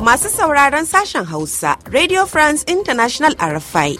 Masu sauraron sashen Hausa, Radio France International RFI,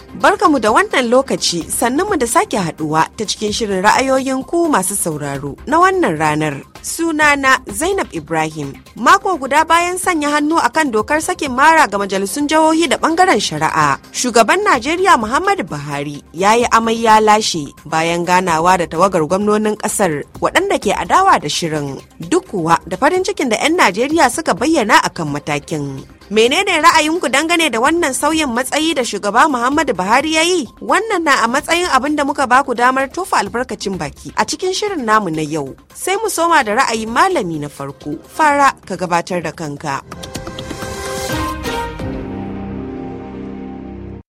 mu da wannan lokaci sannan mu da sake haduwa ta cikin shirin ra'ayoyin ku masu sauraro na wannan ranar. sunana zainab ibrahim mako guda bayan sanya hannu akan dokar sakin mara ga majalisun jihohi da bangaren shari'a shugaban najeriya muhammadu buhari ya yi amai ya lashe bayan ganawa da tawagar gwamnonin kasar waɗanda ke adawa da shirin duk kuwa da farin cikin da 'yan najeriya suka bayyana akan matakin menene ra'ayinku dangane da wannan sauyin matsayi da shugaba muhammadu buhari ya yi wannan na a matsayin abin da muka baku damar tofa albarkacin baki a cikin shirin namu na yau sai mu soma da ra'ayin malami na farko fara ka gabatar da kanka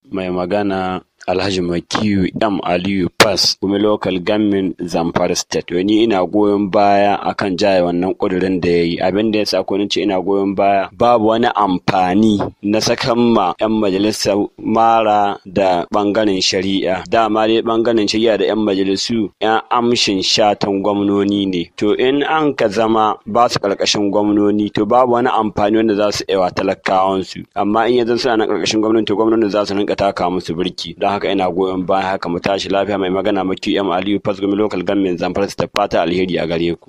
mai magana Alhaji Makiyu M Aliyu Pass, kuma Local Government Zamfara State. Wani ina goyon baya akan jaye wannan kudurin da ya yi. Abin da ya sa ko ce ina goyon baya babu wani amfani na sakan ma 'yan majalisar mara da bangaren shari'a. Dama dai bangaren shari'a da 'yan majalisu 'yan amshin shatan gwamnoni ne. To in an ka zama ba su karkashin gwamnoni to babu wani amfani wanda za su yi wa talakawansu. Amma in ya zan suna na karkashin gwamnoni to gwamnoni za su rinka taka musu birki. haka ina goyon bayan haka mu tashi lafiya mai magana ma QM Aliyu Fasgumi Local Government Zamfara ta fata alheri a gare ku.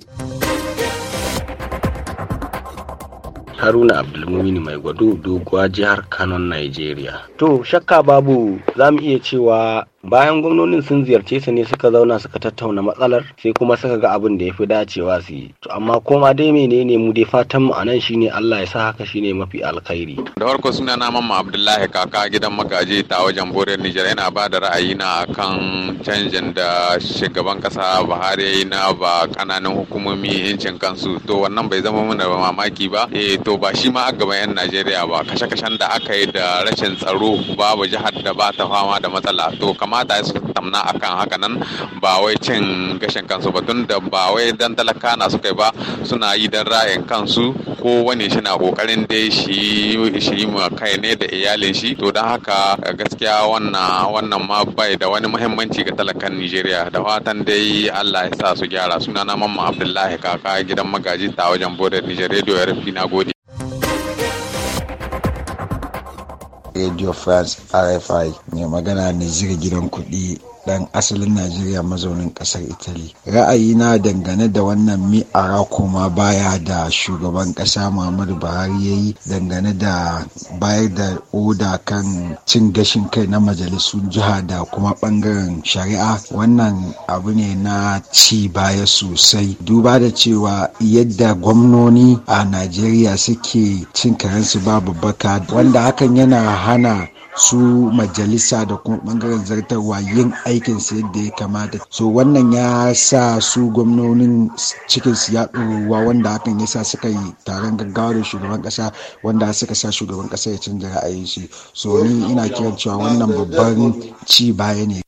Haruna Abdulmumini mai gwado doguwa jihar Kano Nigeria. To shakka babu za mu iya cewa bayan gwamnonin sun ziyarce su ne suka zauna suka tattauna matsalar sai kuma suka ga abin da ya fi dacewa su yi to amma koma dai menene mu dai fatanmu mu anan shine Allah ya sa haka shine mafi alkhairi da farko suna na mamma Abdullahi kaka gidan magaji ta wajen Borel Nijar yana ba da ra'ayi na kan canjin da shugaban kasa Buhari yayi na ba kananan hukumomi yancin kansu to wannan bai zama mana ba mamaki ba eh to ba shi ma a gaban yan Najeriya ba kashe-kashen da aka yi da rashin tsaro babu jihar da ba ta fama da matsala to kamar kamata su tamna akan haka nan ba wai cin gashin kansu ba tun da ba wai dan talaka na suka ba suna yi dan ra'ayin kansu ko wani shi na kokarin dai shi shi ma kai ne da iyalin shi to don haka gaskiya wannan wannan ma bai da wani muhimmanci ga talakan nigeria da fatan dai Allah ya sa su gyara sunana Mamman Abdullahi kaka gidan magaji ta wajen bodar nigeria Radio RFI na gode radio france rfi mai magana ne zira gidan kuɗi ɗan asalin Najeriya mazaunin ƙasar Italy. Ra'ayina dangane da wannan mi ara kuma baya da shugaban ƙasa Muhammadu Buhari ya yi dangane da bayar da oda kan cin gashin kai na majalisun jiha da kuma ɓangaren shari'a wannan abu ne na ci baya sosai duba da cewa yadda gwamnoni a Najeriya suke cin karensu babu baka wanda hakan yana hana su majalisa da kuma bangaren zartarwa yin aikin su yadda ya kamata so wannan ya sa su gwamnonin cikin su ya ɗoruwa wanda hakan ya sa suka yi taron gaggawa da shugaban kasa wanda suka sa shugaban kasa ya canza ra'ayin shi so ni ina kiran cewa wannan babban ci baya ne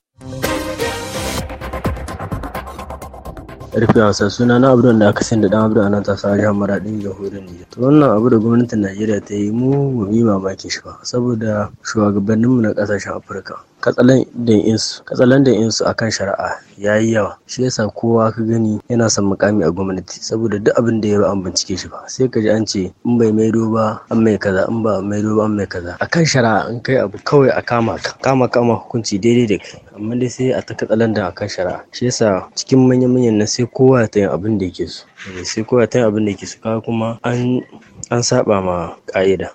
rufe wasa suna na abdu da aka sin da dan abu a nan tasa jihar maradin jamhuriyar nijar to wannan abu da gwamnatin najeriya ta yi mu mu yi mamakin shi ba saboda shugabanninmu na kasashen afirka katsalandan a akan shari'a ya yi yawa shi yasa kowa ka gani yana son mukami a gwamnati saboda duk abin da ya ba an bincike shi ba sai ka ji an ce in bai maido ba an mai kaza in ba maido ba an mai kaza akan shari'a in kai abu kawai a kama ka kama kama hukunci daidai da kai amma dai sai a ta katsalandan akan shari'a shi yasa cikin manyan manyan nan sai kowa ya tayin abin da yake so sai kowa ya tayin abin da yake so kawai kuma an an saba ma ka'ida.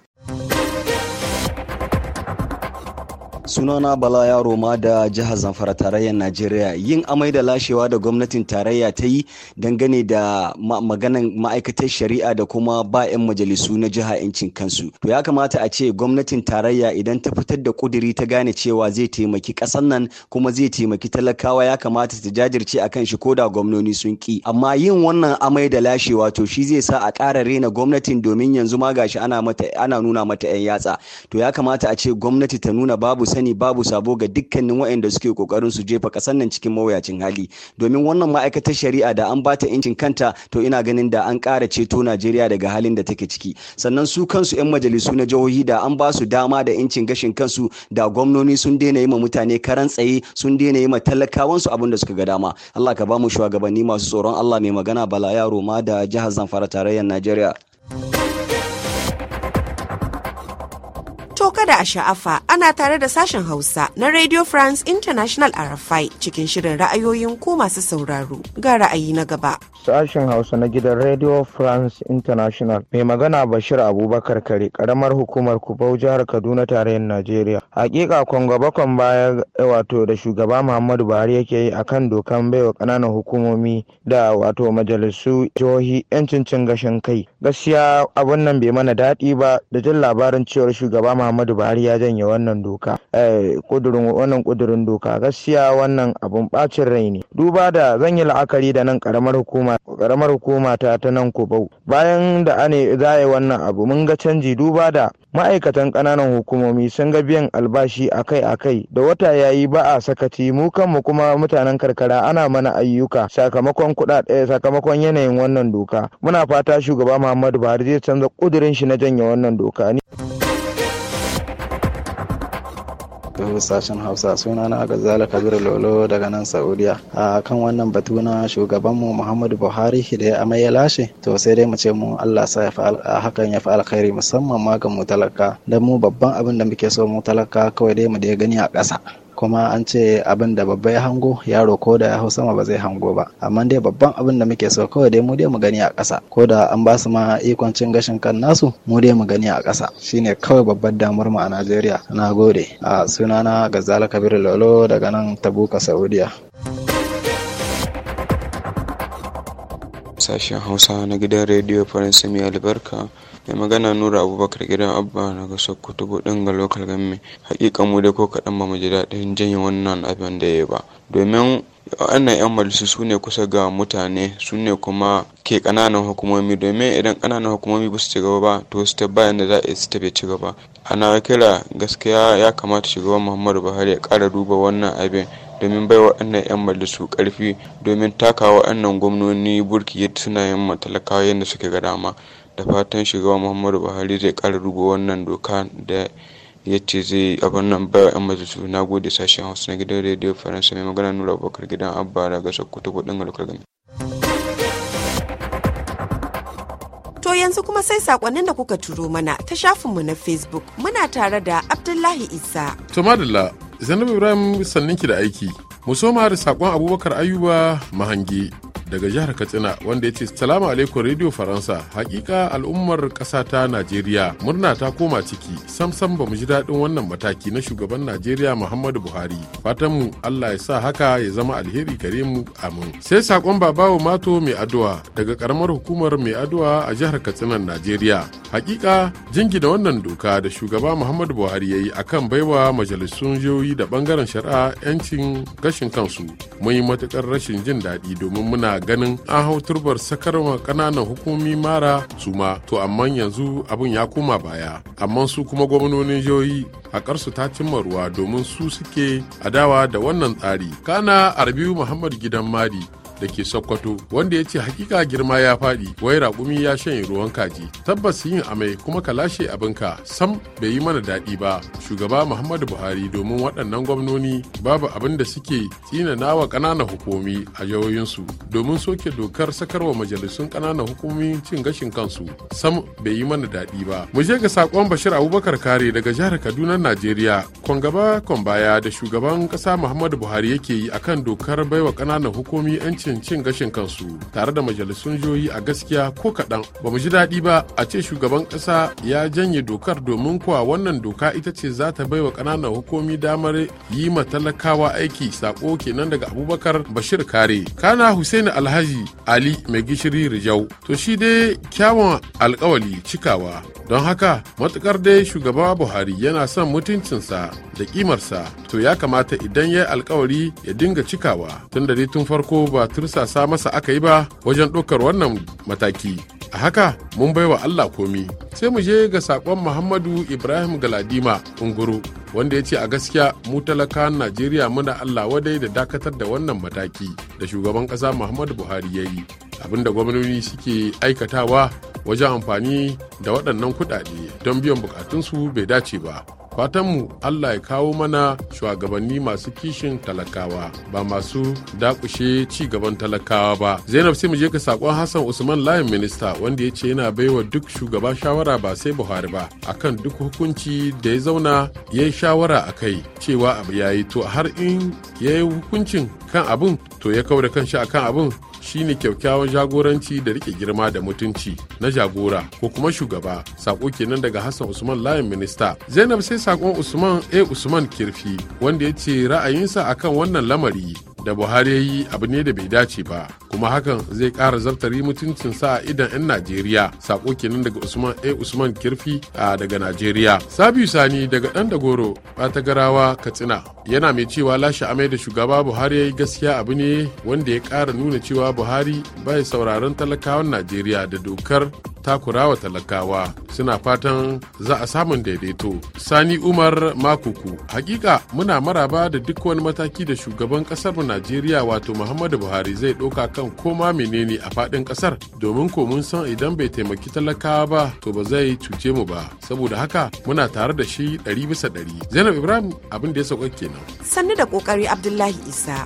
sunana bala yaro ma da jihar zamfara tarayyar najeriya yin amai da lashewa da gwamnatin tarayya ta yi dangane da maganan ma'aikatar shari'a da kuma ba 'yan majalisu na jiha 'yancin kansu to ya kamata a ce gwamnatin tarayya idan ta fitar da kuduri ta gane cewa zai taimaki ƙasar nan kuma zai taimaki talakawa ya kamata ta jajirce a kan shi ko da gwamnoni sun ki amma yin wannan amai da lashewa to shi zai sa a ƙara rena gwamnatin domin yanzu ma gashi ana nuna mata 'yan yatsa to ya kamata a ce gwamnati ta nuna babu san sani babu sabo ga dukkanin waɗanda suke kokarin su jefa ƙasar nan cikin mawuyacin hali domin wannan ma'aikatar shari'a da an bata incin kanta to ina ganin da an kara ceto Najeriya daga halin da take ciki sannan su kansu 'yan majalisu na jihohi da an basu dama da incin gashin kansu da gwamnoni sun daina yi ma mutane karan tsaye sun daina yi ma talakawansu abin da suka ga dama Allah ka ba mu shugabanni masu tsoron Allah mai magana Bala Yaro ma da jihar Zamfara tarayyar Najeriya. da a sha'afa ana tare da sashen Hausa na Radio France International RFI cikin shirin ra'ayoyin ku masu sauraro ga ra'ayi na gaba. Sashen Hausa na gidan Radio France International mai magana Bashir Abubakar Kare karamar hukumar Kubau jihar Kaduna tarayyar Najeriya. Hakika kwanga bakon baya wato da shugaba Muhammadu Buhari yake yi akan dokan baiwa kananan hukumomi da wato majalisu jihohi yancin cin gashin kai. Gaskiya abun nan bai mana daɗi ba da jin labarin cewar shugaba Muhammadu Buhari ya janye wannan doka kudurin eh, wannan kudurin doka gaskiya wannan abun bacin rai ne duba da zan yi la'akari da nan karamar hukuma karamar hukuma ta ta nan Kubau bayan da ane yi wannan abu mun ga canji duba da ma'aikatan ƙananan hukumomi sun ga biyan albashi akai-akai da wata yayi ba a sakaci mu kanmu kuma mutanen karkara ana mana ayyuka sakamakon kuɗaɗe sakamakon yanayin wannan doka muna fata shugaba Muhammadu Buhari zai canza kudirin shi na janye wannan doka ne to sashen hausa suna na gazala kabir lolo daga nan saudiya a kan wannan batu na shugabanmu muhammadu buhari da ya amai ya lashe to sai dai mu ce mu allah sa ya hakan ya fi alkhairi musamman ma ga mu talaka don mu babban abin da muke so mu talaka kawai dai mu da ya gani a ƙasa kuma an ce abin da babba ya hango yaro ko da ya hau sama ba zai hango ba amma dai babban abin da muke so kawai dai mu dai mu gani a ƙasa ko da an ba su ma ikon cin gashin kan nasu mu dai mu gani a ƙasa shine kawai babbar damar mu a Najeriya na gode a sunana Gazala Kabir Lolo daga nan Tabuka Saudiya sashen Hausa na gidan rediyo Faransa mai albarka mai magana nura abubakar gidan abba daga sokoto budin ga lokal gami hakika mu dai ko kadan ba mu ji daɗin janye wannan abin da ya ba domin wannan 'yan majalisu su ne kusa ga mutane su ne kuma ke kananan hukumomi domin idan kananan hukumomi ba su ci gaba ba to su bayan da za a su cigaba. ci gaba ana kira gaskiya ya kamata shugaban muhammadu buhari ya kara duba wannan abin domin bai wa wannan 'yan majalisu karfi domin taka wannan gwamnoni burki yadda suna yin matalakawa yadda suke ga dama Da fatan shugaba Muhammadu Buhari zai kara duba wannan doka da ya ce zai abin nan ba 'yan majalisu. Na gode sashen Hausa na gidan Rediyo Faransa mai magana Nura Abubakar gidan Abba daga Sokoto kudin galakar gami. To yanzu kuma sai sakonnin da kuka turo mana ta shafinmu na Facebook muna tare da Abdullahi Isa. To madalla, zainab Ibrahim sanninki da aiki. Mu soma da sakon Abubakar Ayuba Mahange. daga jihar katsina wanda ya ce salamu alaikum radio faransa hakika al'ummar ƙasa ta najeriya murna ta koma ciki sam sam ba mu ji daɗin wannan mataki na shugaban najeriya muhammadu buhari fatanmu allah ya sa haka ya zama alheri gare mu amin sai sakon babawo mato mai addu'a daga karamar hukumar mai addu'a a jihar katsina najeriya hakika jingina wannan doka da shugaba muhammadu buhari ya yi akan baiwa majalisun jihohi da bangaren shari'a 'yancin gashin kansu mun yi matukar rashin jin daɗi domin muna ganin an hau turbar sakarwa ƙananan hukumomi mara suma to amma yanzu abin ya koma baya amma su kuma gwamnonin jihohi a karsu ta cimma ruwa domin su suke adawa da wannan tsari kana arbiu muhammad gidan mari. da ke Sokoto wanda ya ce hakika girma ya faɗi wai raƙumi ya shanye ruwan kaji tabbas yin amai kuma ka lashe abinka sam bai yi mana daɗi ba shugaba Muhammadu Buhari domin waɗannan gwamnoni babu abin da suke tsinanawa ƙananan hukumi a jihohinsu domin soke dokar sakarwa majalisun ƙananan hukumomin cin gashin kansu sam bai yi mana daɗi ba mu je ga sakon Bashir Abubakar Kare daga jihar Kaduna Najeriya kon gaba kon baya da shugaban ƙasa Muhammadu Buhari yake yi akan dokar baiwa ƙananan hukumi 'yancin 'yancin cin gashin kansu tare da majalisun joyi a gaskiya ko kaɗan ba mu ji daɗi ba a ce shugaban ƙasa ya janye dokar domin kuwa wannan doka ita ce za ta baiwa ƙananan hukumi damar yi ma talakawa aiki sako kenan daga abubakar bashir kare kana hussein alhaji ali mai gishiri rijau to shi dai kyawun alkawali cikawa don haka matukar dai shugaba buhari yana son mutuncinsa da kimarsa to ya kamata idan ya yi alkawari ya dinga cikawa tun da dai tun farko ba tursasa masa aka yi ba wajen ɗaukar wannan mataki a haka mun baiwa Allah komi sai mu je ga sakon Muhammadu Ibrahim Galadima Unguru wanda ya ce a gaskiya mu talakawan Najeriya muna Allah wadai da dakatar da wannan mataki da shugaban ƙasa Muhammadu Buhari ya yi abinda gwamnoni suke aikatawa wajen amfani da waɗannan kuɗaɗe don biyan bukatunsu bai dace ba fatanmu allah ya kawo mana shugabanni masu kishin talakawa ba masu dakushe ci gaban talakawa ba zainab sai mu je ka sakon hassan usman layin minista wanda ya ce yana baiwa duk shugaba shawara ba sai buhari ba akan duk hukunci da ya zauna ya yi shawara a kai cewa abu ya yi to har in ya yi hukuncin kan abin to ya kawo da kanshi akan abin shine kyaukyawan jagoranci da rike girma da mutunci na jagora ko kuma shugaba sako kenan daga hassan usman layin minista zainab sai sakon usman a eh, usman kirfi wanda ya ce ra'ayinsa akan wannan lamari da buhari ya yi abu ne da bai dace ba kuma hakan zai kara zartari mutuncin sa a idan 'yan najeriya sako kenan daga usman a eh, usman kirfi a daga najeriya sabiu sani daga dan dagoro goro garawa katsina yana mai cewa lashe amai da shugaba buhari ya yi gaskiya abu ne wanda ya kara nuna cewa buhari bai sauraron talakawan najeriya da dokar takurawa talakawa suna fatan za a samun daidaito sani umar makuku hakika muna maraba da duk wani mataki da shugaban kasar najeriya wato muhammadu buhari zai ɗauka kan koma menene a faɗin kasar domin ko mun san idan bai taimaki talakawa ba to ba zai cuce mu ba saboda haka muna tare da shi ɗari bisa ɗari zainab ibrahim abin da ya sauka kenan sannu da kokari abdullahi isa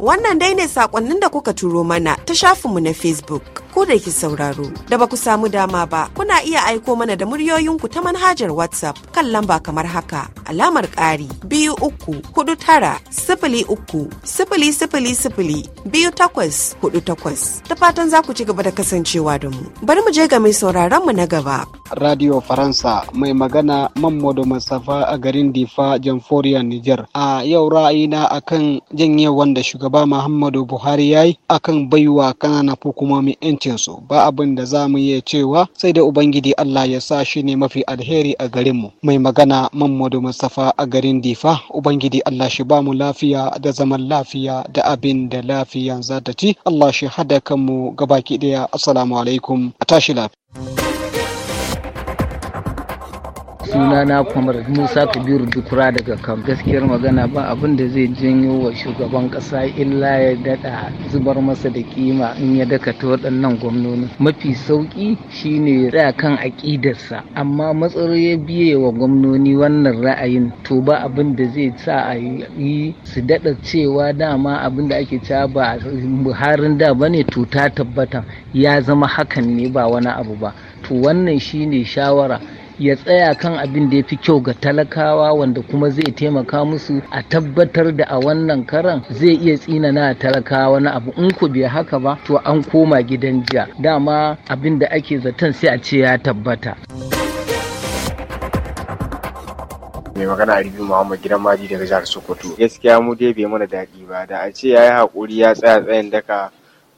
Wannan dai ne sakonnin da kuka turo mana ta shafinmu na Facebook. ko da ki sauraro, da ba ku samu dama ba, kuna iya aiko mana da muryoyinku ta manhajar WhatsApp kan lamba kamar haka. alamar ƙari biyu uku hudu tara sifili uku sifili sifili sifili biyu takwas hudu takwas ta fatan za ku ci gaba da kasancewa da mu bari mu je ga mai sauraron mu na gaba. Radio Faransa mai magana Mamadu Mustapha a garin Difa Jamforiya Nijar. A yau Ra'ayi na akan janyewan da shugaba Muhammadu Buhari ya yi akan baiwa kanana hukumomin 'yancinsu ba abin da za mu iya cewa sai da Ubangiji Allah ya sa shi ne mafi alheri a garinmu. Mai magana Mamadu Mustapha Mustapha a garin Difa, Ubangiji Allah shi ba mu lafiya da zaman lafiya da abin da lafiyan za ta ci, Allah shi hada kanmu gabaki ɗaya, Assalamu alaikum, a tashi lafiya. sunana kwamar musa kabiru dukura daga kan gaskiyar magana ba abin da zai janyo wa shugaban kasa illa ya dada zubar masa da kima in ya dakata waɗannan gwamnoni mafi sauki shine a kan aƙidarsa amma matsaro ya biye wa gwamnoni wannan ra'ayin to ba abin da zai sa a yi su dada cewa dama abin da ake ca ba buharin da ba ne, to ta tabbata ya zama hakan ne ba wani abu ba to wannan shine shawara ya tsaya kan abin da ya fi kyau ga talakawa wanda kuma zai taimaka musu a tabbatar da a wannan karan zai iya na talakawa na abu in ku bai haka ba to an koma gidan jiya dama abin da ake zaton sai a ce ya tabbata. mai magana a Alibi Muhammad gidan Maji daga jihar Sokoto. Gaskiya mu dai bai mana daɗi ba da a ce ya yi haƙuri ya tsaya tsayin daka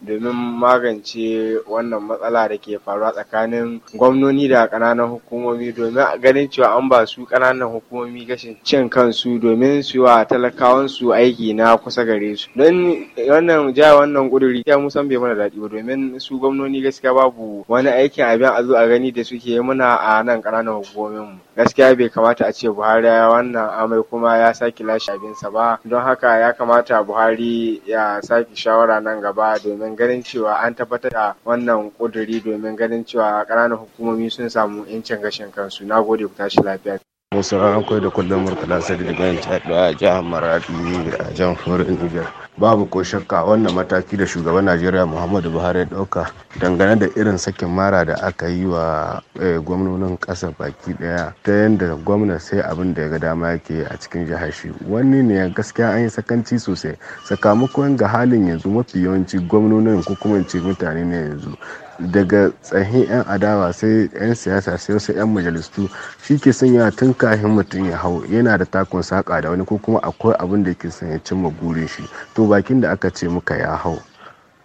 domin magance wannan matsala da ke faruwa tsakanin gwamnoni da kananan hukumomi domin a ganin cewa an ba su ƙananan hukumomi gashin cin kansu domin su wa talakawansu aiki na kusa gare su don wannan ja wannan ƙuduri ya musan bai mana daɗi ba domin su gwamnoni gaskiya babu wani aikin abin a zo a gani da suke muna a nan kananan hukumomin mu gaskiya bai kamata a ce Buhari ya wannan amai kuma ya sake lashe abinsa ba don haka ya kamata Buhari ya sake shawara nan gaba domin ganin cewa an tabbatar da wannan kuduri domin ganin cewa ƙananan hukumomi sun samu 'yancin gashin kansu na gode ku tashi lafiya mai sauraron koyar da kullum murtala sadi da yin a jihar maradi a jamhuriyar niger babu ko shakka wannan mataki da shugaban najeriya muhammadu buhari ya dauka dangane da irin sakin mara da aka yi wa eh, gwamnonin kasa baki daya ta yadda gwamna sai abin da ya ga dama yake a cikin jihar shi wani ne gaskiya an yi sakanci sosai sakamakon ga halin yanzu mafi yawanci gwamnonin ko kuma ce mutane ne yanzu daga tsahin 'yan adawa sai 'yan siyasa sai wasu 'yan majalistu shi ke sanya tun kafin mutum ya hau yana da takun saƙa da wani ko kuma akwai abin da yake son ya cimma burin shi to bakin da aka ce muka ya hau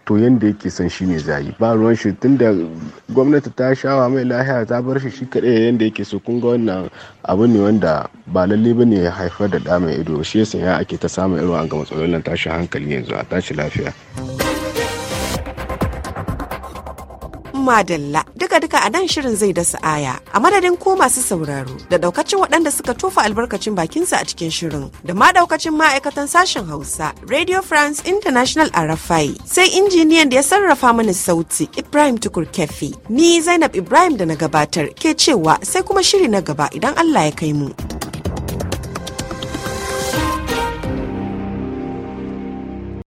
to yanda yake son shi ne zai ba ruwan shi tun da gwamnati ta shawa mai lahiya ta bar shi shi kaɗai yanda yake so kun ga wannan abu ne wanda ba lalle ba ne ya haifar da da mai ido shi ya sanya ake ta samun irin an ga matsalolin tashi hankali yanzu a tashi lafiya. madalla duka duka a nan shirin zai da aya a madadin ko masu sauraro da daukacin waɗanda suka tofa albarkacin bakinsa a cikin shirin da ma daukacin ma'aikatan sashen hausa radio france international rafai sai injiniyan da ya sarrafa mana sauti ibrahim tukur kefi ni zainab ibrahim da na gabatar ke cewa sai kuma shiri na gaba idan allah ya kai mu.